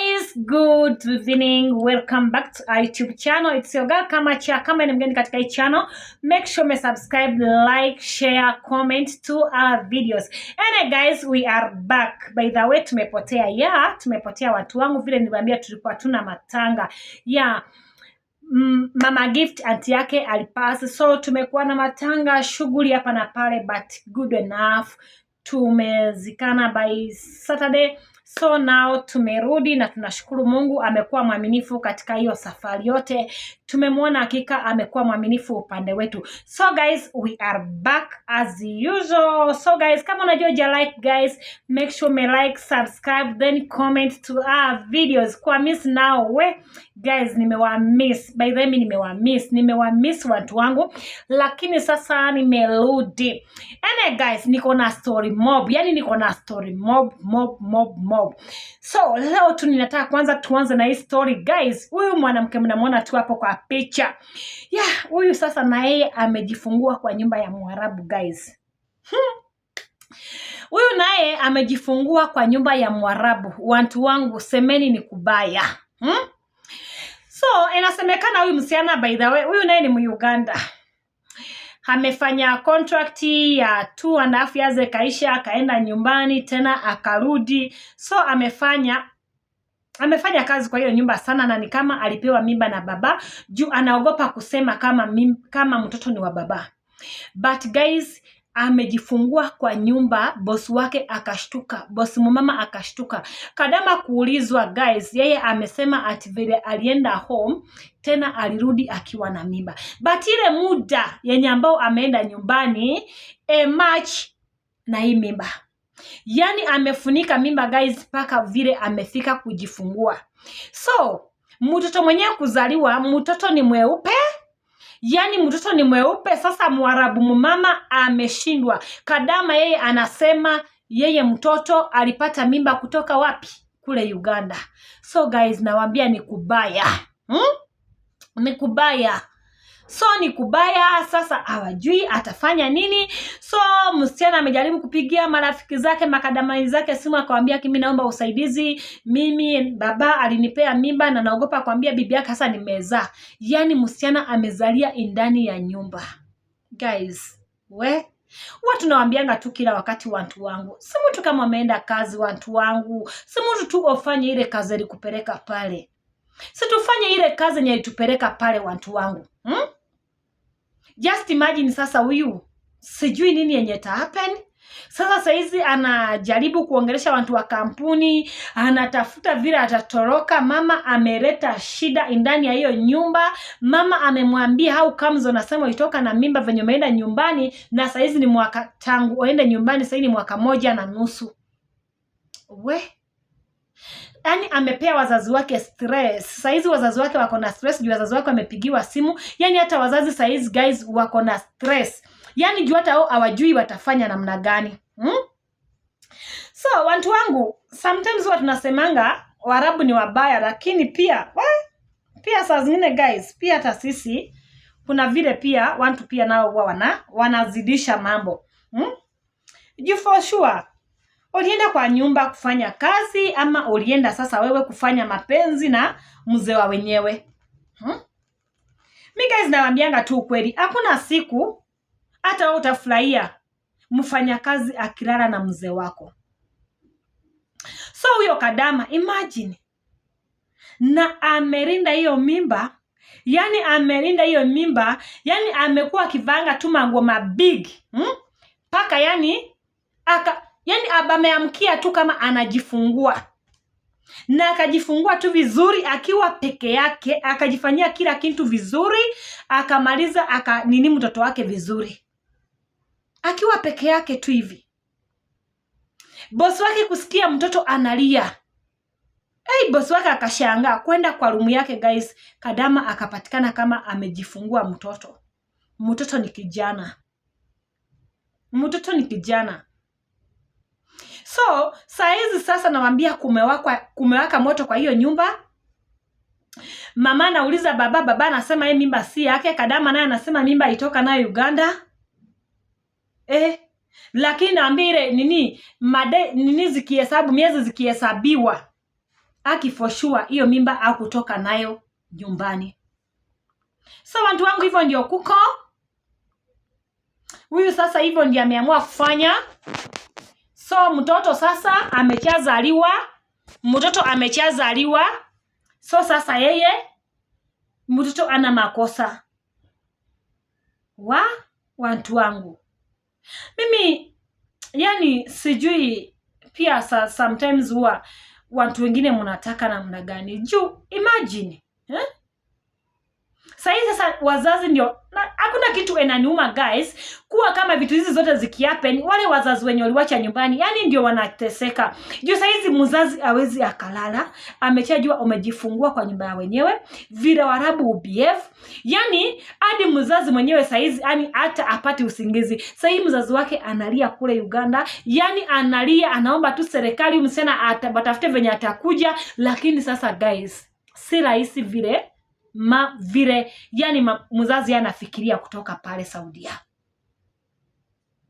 guys good evening welcome back to our youtube channel it's your girl kama cha kama ni mgeni katika hii channel make sure me subscribe like share comment to our videos and guys we are back by the way tumepotea yeah tumepotea watu wangu vile niliwaambia tulikuwa tuna matanga yeah mm, mama gift anti yake alipasi so tumekuwa na matanga shughuli hapa na pale but good enough tumezikana by saturday So nao tumerudi na tunashukuru Mungu amekuwa mwaminifu katika hiyo safari yote tumemwona hakika amekuwa mwaminifu upande wetu. So guys, we are back as usual. So guys, kama unajua ja like guys, make sure me like, subscribe, then comment to our videos. Kwa miss now we guys, nimewa miss by the way, nimewa miss, nimewa miss watu wangu, lakini sasa nimerudi. Ene guys, niko na story mob, yani niko na story mob mob mob mob. So leo tu ninataka kwanza tuanze na hii story guys. Huyu mwanamke mnamwona tu hapo kwa picha ya huyu sasa na yeye amejifungua kwa nyumba ya mwarabu guys hmm. Huyu naye amejifungua kwa nyumba ya Mwarabu. Wantu wangu, semeni ni kubaya hmm? So inasemekana huyu msichana by the way, huyu naye ni Muganda, amefanya contract ya two and half years, kaisha akaenda nyumbani tena akarudi, so amefanya amefanya kazi kwa hiyo nyumba sana, na ni kama alipewa mimba na baba, juu anaogopa kusema kama mim, kama mtoto ni wa baba. But guys amejifungua kwa nyumba, bosi wake akashtuka, bosi mumama akashtuka. Kadama kuulizwa guys, yeye amesema ati vile alienda home tena alirudi akiwa na mimba, but ile muda yenye ambao ameenda nyumbani e, eh, match na hii mimba yaani amefunika mimba guys, mpaka vile amefika kujifungua. So mtoto mwenyewe kuzaliwa, mtoto ni mweupe yaani mtoto ni mweupe. Sasa mwarabu mumama ameshindwa. Kadama yeye anasema yeye mtoto alipata mimba kutoka wapi? Kule Uganda. So guys, nawambia ni kubaya hmm? ni kubaya so ni kubaya. Sasa hawajui atafanya nini. So msichana amejaribu kupigia marafiki zake makadamani zake simu, akamwambia kimi, naomba usaidizi, mimi baba alinipea mimba na naogopa kuambia bibi yake, sasa nimezaa. Yani msichana amezalia ndani ya nyumba. Guys, we watu nawaambianga tu kila wakati watu wangu, si mtu kama ameenda kazi, watu wangu, si mtu tu ofanye ile kazi ilikupeleka pale, si tufanye ile kazi yenye ilitupeleka pale, watu wangu hmm? Just imagine sasa huyu sijui nini yenye ta happen. Sasa saizi anajaribu kuongelesha watu wa kampuni, anatafuta vile atatoroka. Mama ameleta shida ndani ya hiyo nyumba. Mama amemwambia how comes unasema itoka na mimba venye umeenda nyumbani, na saizi ni mwaka tangu uende nyumbani, saizi ni mwaka moja na nusu. We yani amepea wazazi wake stress. Saizi wazazi wake wako na stress juu wazazi wake wamepigiwa simu, yani hata wazazi saizi guys wako na stress, yani juu hata hawajui watafanya namna gani hmm? So watu wangu, sometimes huwa tunasemanga Waarabu ni wabaya, lakini pia what? pia saa zingine guys, pia hata sisi kuna vile pia watu pia nao huwa wana wanazidisha mambo hmm? juu for sure Ulienda kwa nyumba kufanya kazi ama ulienda sasa wewe kufanya mapenzi na mzee wa wenyewe hmm? Mi guys nawambianga tu ukweli, hakuna siku hata wewe utafurahia mfanyakazi akilala na mzee wako. So huyo kadama, imagine na amerinda hiyo mimba, yani amerinda hiyo mimba, yani amekuwa akivanga tu manguo mabig mpaka hmm? yani aka yani ameamkia tu kama anajifungua na akajifungua tu vizuri akiwa peke yake, akajifanyia kila kitu vizuri, akamaliza aka nini mtoto wake vizuri akiwa peke yake tu hivi. Bosi wake kusikia mtoto analia, hey, bosi wake akashangaa kwenda kwa rumu yake guys, Kadama akapatikana kama amejifungua mtoto. Mtoto ni kijana, mtoto ni kijana so saizi sasa nawambia kumewaka, kumewaka moto kwa hiyo nyumba mama anauliza baba baba anasema hii mimba si yake kadama naye anasema mimba itoka nayo Uganda eh lakini ile nini made nini zikihesabu miezi zikihesabiwa aki for sure hiyo mimba au kutoka nayo nyumbani so watu wangu hivyo ndio kuko huyu sasa hivyo ndio ameamua kufanya So mtoto sasa amechazaliwa, mtoto amechazaliwa. So sasa yeye mtoto ana makosa wa watu wangu mimi, yani sijui pia sa, sometimes huwa watu wengine mnataka namna gani juu imagine eh? Sasa sasa wazazi ndio hakuna kitu enaniuma guys, kuwa kama vitu hizi zote zikihappen, wale wazazi wenye waliwacha nyumbani yani ndio wanateseka. Juu sasa hizi mzazi awezi akalala, amechajua umejifungua kwa nyumba ya wenyewe, vira warabu ubf, yani hadi mzazi mwenyewe sasa hizi yani hata apate usingizi. Sasa hii mzazi wake analia kule Uganda, yani analia, anaomba tu serikali msena atabatafute venye atakuja, lakini sasa guys, si rahisi vile ma vile yani ma, mzazi anafikiria kutoka pale Saudia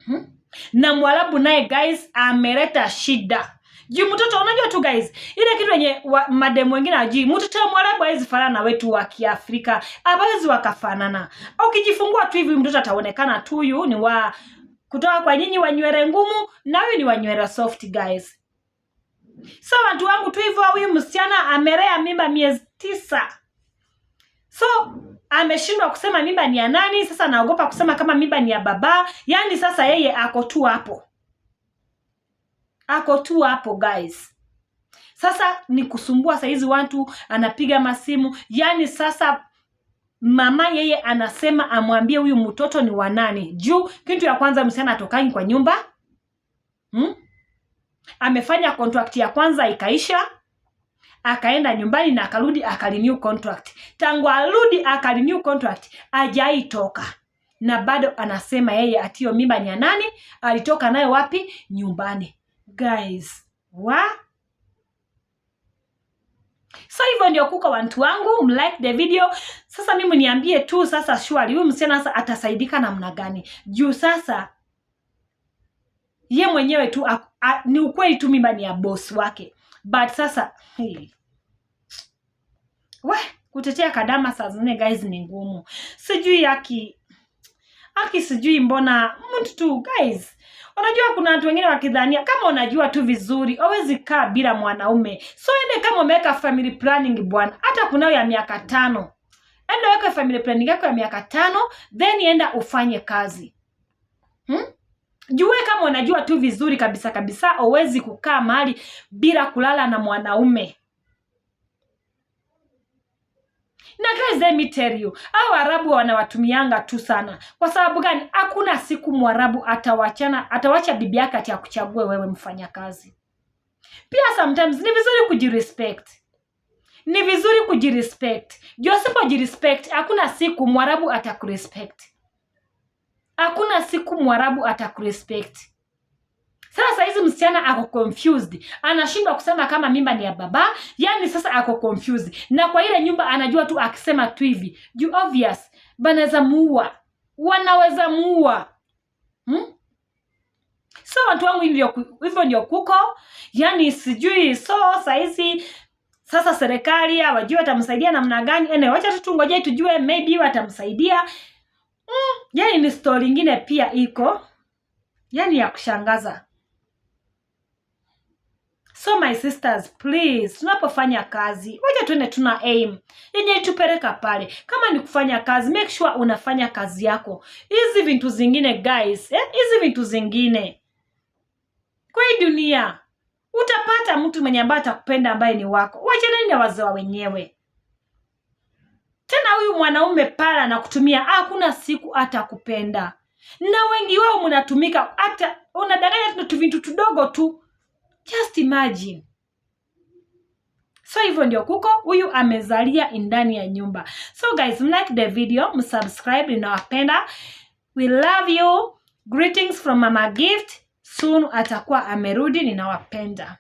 hmm? na Mwarabu naye guys ameleta shida juu mtoto unajua tu guys, ile kitu yenye mademu wengine ajui, mtoto wa Mwarabu hawezi fanana na wetu wa Kiafrika, hawezi wakafanana. Ukijifungua tu hivi mtoto ataonekana tu huyu ni wa kutoka kwa nyinyi wanywele ngumu na huyu ni nywele soft guys. So watu wangu tu hivyo, huyu msichana amelea mimba miezi tisa So ameshindwa kusema mimba ni ya nani, sasa anaogopa kusema kama mimba ni ya baba. Yaani sasa yeye ako tu hapo, ako tu hapo guys. Sasa ni kusumbua saizi, watu anapiga masimu. Yaani sasa mama yeye anasema amwambie huyu mtoto ni wa nani, juu kitu ya kwanza msichana atokangi kwa nyumba hmm? Amefanya contract ya kwanza ikaisha akaenda nyumbani na akarudi akarenew contract. Tangu arudi akarenew contract ajaitoka na bado anasema yeye atiyo mimba ni nani, alitoka nayo wapi? Nyumbani. Guys, wa So hivyo ndio kuko wantu wangu, mlike the video. Sasa mimi niambie tu sasa, shwari huyu msichana sasa atasaidika namna gani? Juu sasa ye mwenyewe tu a, a, ni ukweli tu mimba ni ya boss wake but sasa hey. we kutetea Kadama saa zingine guys ni ngumu, sijui aki aki sijui mbona mtu tu guys Unajua kuna watu wengine wakidhania kama unajua tu vizuri, hawezi kaa bila mwanaume. So ende kama umeweka family planning bwana, hata kunao ya miaka tano, enda weka family planning yako ya miaka tano, then enda ufanye kazi hmm? Jue kama unajua tu vizuri kabisa kabisa, huwezi kukaa mahali bila kulala na mwanaume. Na guys, let me tell you, hao Arabu wanawatumianga tu sana. Kwa sababu gani? Hakuna siku Mwarabu atawachana atawacha bibi yake ati akuchague wewe mfanyakazi. Pia sometimes ni vizuri kujirespect. Ni vizuri kujirespect. Juu jirespect, hakuna siku Mwarabu atakurespect hakuna siku mwarabu atakurespect. Sasa hizi msichana ako confused, anashindwa kusema kama mimba ni ya baba, yani sasa ako confused. Na kwa ile nyumba anajua tu akisema tu hivi juu obvious banaweza muua, wanaweza muua hmm? So watu wangu, hivyo ndio kuko yani, sijui so saizi sasa serikali hawajui watamsaidia namna gani. Ene, wacha tutungojee tujue, maybe watamsaidia. Yani ni stori ingine pia iko yani ya kushangaza. So my sisters please, tunapofanya kazi wacha tuende tuna aim yenye itupeleka pale. Kama ni kufanya kazi, make sure unafanya kazi yako. Hizi vitu zingine guys, eh, hizi vitu zingine kwa hii dunia utapata mtu mwenye ambaye atakupenda ambaye ni wako. nini na wazawa wenyewe. Tena huyu mwanaume pala na kutumia hakuna siku kupenda. Na wengi wao mnatumika, hata unadanganya vitu tudogo tu, just imagine. So hivyo ndio kuko huyu amezalia ndani ya nyumba. So guys, mlike the video, msubscribe, ninawapenda. We love you. Greetings from Mama Gift. Soon atakuwa amerudi, ninawapenda.